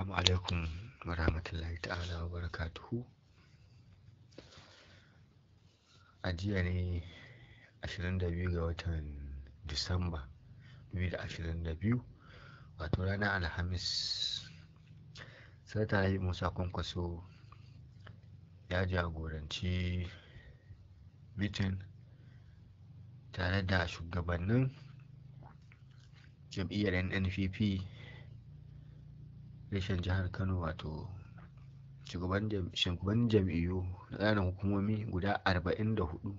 Assalamu alaikum wa ta'ala wa barakatuhu. A jiya ne 22 ga watan Disamba 2022 wato ranar Alhamis. ta yi Musa Kwankwaso ya jagoranci mitin tare da shugabannin jam'iyyar NNPP reshen jihar kano wato shugaban jam'iyyu na ƙananan hukumomi guda arba'in da hudu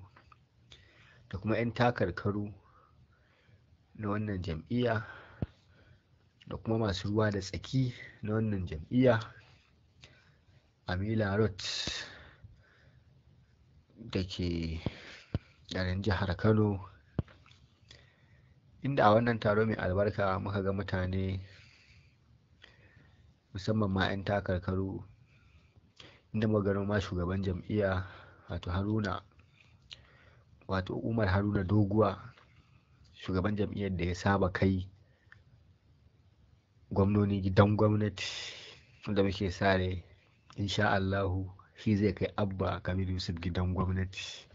da kuma 'yan takarkaru na wannan jam'iyya da kuma masu ruwa da tsaki na wannan jam'iyya amila roth da ke garin jihar kano inda a wannan taro mai albarka muka ga mutane musamman ma 'yan takarkaru inda gano ma shugaban jam'iyya wato haruna wato umar haruna doguwa shugaban jam'iyyar da ya saba kai gwamnoni gidan gwamnati da muke sare insha allahu shi zai kai abba kabir yusuf gidan gwamnati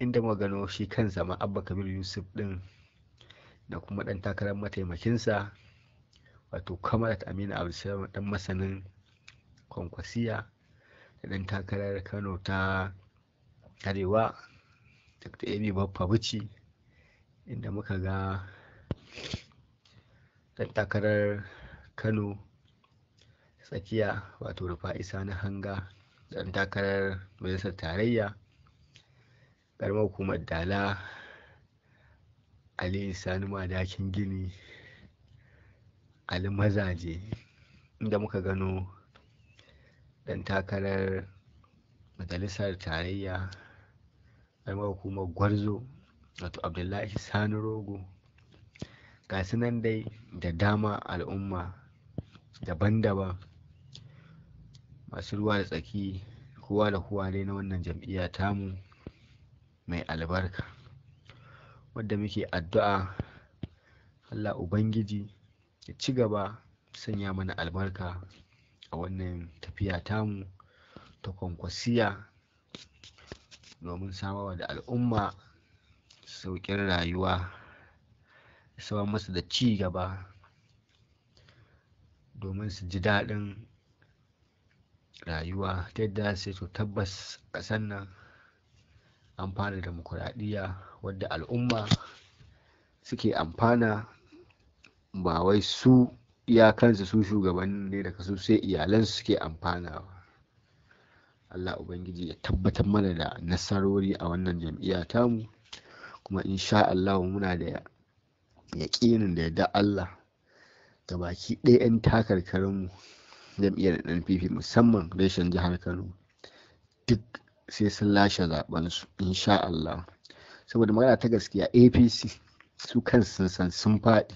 inda magano shi kansa ma abba kabir yusuf din da kuma ɗan takarar mataimakinsa wato kamarat aminu abdulsalam dan masanin kwankwasiya da dan takarar kano ta arewa dr abi baffa bici inda muka ga dan takarar kano tsakiya wato rufa'isa na hanga dan takarar majalisar tarayya karamar hukumar dala Ali sani madakin gini ali mazaje inda muka gano ɗan takarar majalisar tarayya ƙaramar hukumar gwarzo wato abdullahi sani rogo ga nan dai da dama al'umma daban-daban masu ruwa da tsaki kowa da kowa dai na wannan jam'iyya tamu mai albarka wadda muke addu'a allah ubangiji ya ci gaba sanya mana albarka a wannan tafiya tamu ta kwankwasiya domin samarwa da al'umma sauƙin rayuwa samar masu da ci gaba domin su ji daɗin rayuwa ta yadda sai to tabbas ƙasar nan an fara demokuraɗiyya wadda al'umma suke amfana ba wai su ya kansu su shugabanni ne daga kasu sai iyalansu suke amfana ba Allah Ubangiji ya tabbatar mana da nasarori a wannan jam'iyya tamu kuma insha Allah muna da yaƙinin da yadda Allah ga baki ɗaya 'yan takarkarinmu jam'iyyar NPP musamman reshen jihar Kano duk sai sun lashe zaɓensu insha Allah saboda magana ta gaskiya APC su kansu sun san sun faɗi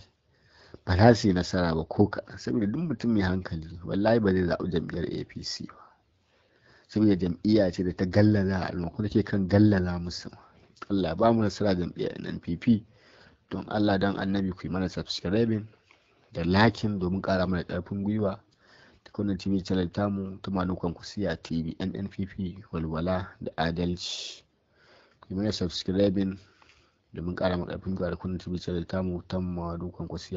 ba za su yi nasara ba ko kaɗan saboda duk mutum mai hankali wallahi ba zai zaɓi jam'iyyar apc ba saboda jam'iyya ce da ta gallaza a lokacin da ke kan gallaza musu allah ba mu nasara jam'iyyar npp don allah don annabi ku yi mana subscribing da lakin domin ƙara mana ƙarfin gwiwa ta kuna tv channel tamu ta manukan siya tv nnpp walwala da adalci ku yi mana subscribing domin ƙara mana ƙarfin gwiwa da kwanan tv channel tamu ta manukan siya.